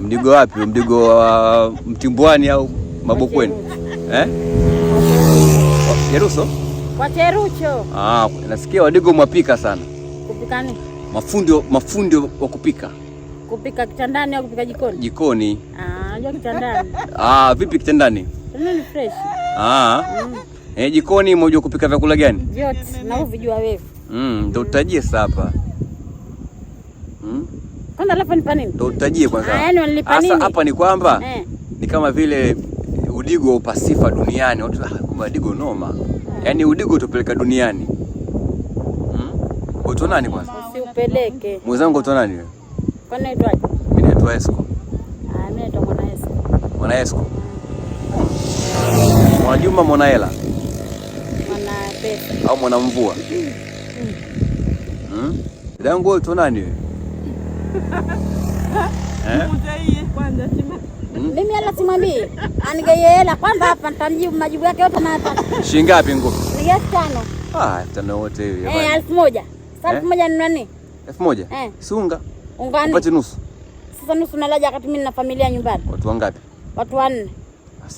Mdigo wapi? Mdigo wa Mtimbwani au Mabokweni eh? Cheruso? Kwa Cherucho. Ah, nasikia Wadigo mwapika sana. Kupika nini? Mafundi mafundi wa kupika. Kupika kitandani au kupika jikoni? Jikoni. Ah, unajua kitandani. Ah, vipi kitandani? Nini fresh. Ah. Mm. Eh, jikoni mmoja kupika vyakula gani? Vyote, na uvijua wewe. Mm, ndio utajie sasa hapa kwanza alafu nipa nini? Ndio utajie kwanza. Ah, yani walinipa nini? Sasa hapa ni kwamba eh, ni kama vile udigo upa sifa duniani. Watu ah, kumbe udigo noma. Yaani udigo utopeleka duniani. Hmm? Unaitwa nani kwanza? Usipeleke. Mwenzangu unaitwa nani Kwa nini unaitwa? Mimi naitwa Esco. Ah, mimi naitwa Mwana Esco. Mwana Esco. Mwana Juma Mwana Hela. Pesa. Au Mwana Mvua. Mhm. Mm. Dangu unaitwa nani wewe? Eh? Mimi ah, hela simwambii, anigaiye hela kwamba hapa nitamjibu majibu yake yote nataka. Shilingi ngapi ngumu? Ni elfu tano. Ah, elfu tano wote hiyo. Eh, elfu moja. Sasa elfu eh? moja ni nani? Elfu moja. Eh. Sunga. Unga nini? nusu. Sasa nusu nalaja wakati mimi nina familia nyumbani. Watu wangapi? Watu wanne.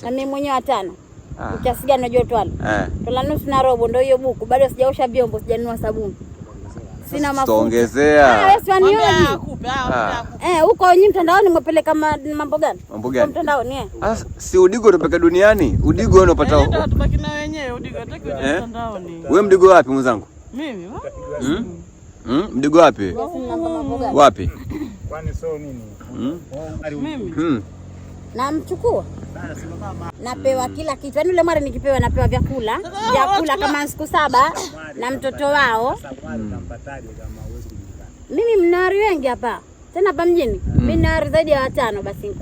Na mimi mwenyewe watano. Ah. Kiasi gani unajua twala? Eh. Twala nusu na robo ndio hiyo buku. Bado sijaosha vyombo, sijanunua sabuni sina mafuta. Tuongezea. Ah, ah, ah. Eh, huko nyinyi mtandaoni mwapeleka mambo gani? Mambo gani? Mtandaoni eh. Ah, si udigo unapeleka duniani? Udigo unapata yaani huko. Ndio tubaki na wenyewe udigo hataki eh? mtandaoni. Wewe mdigo wapi mwenzangu? Mimi wapi? Hmm? hmm? mdigo wapi? Wapi? Kwani sio nini? Mimi. Hmm? Hmm? namchukua napewa kila kitu, yaani ule mwari nikipewa, napewa vyakula vyakula kama siku saba na mtoto wao. Mimi mnaari wengi hapa tena hapa mjini, mm. mi naari zaidi ya watano. Basi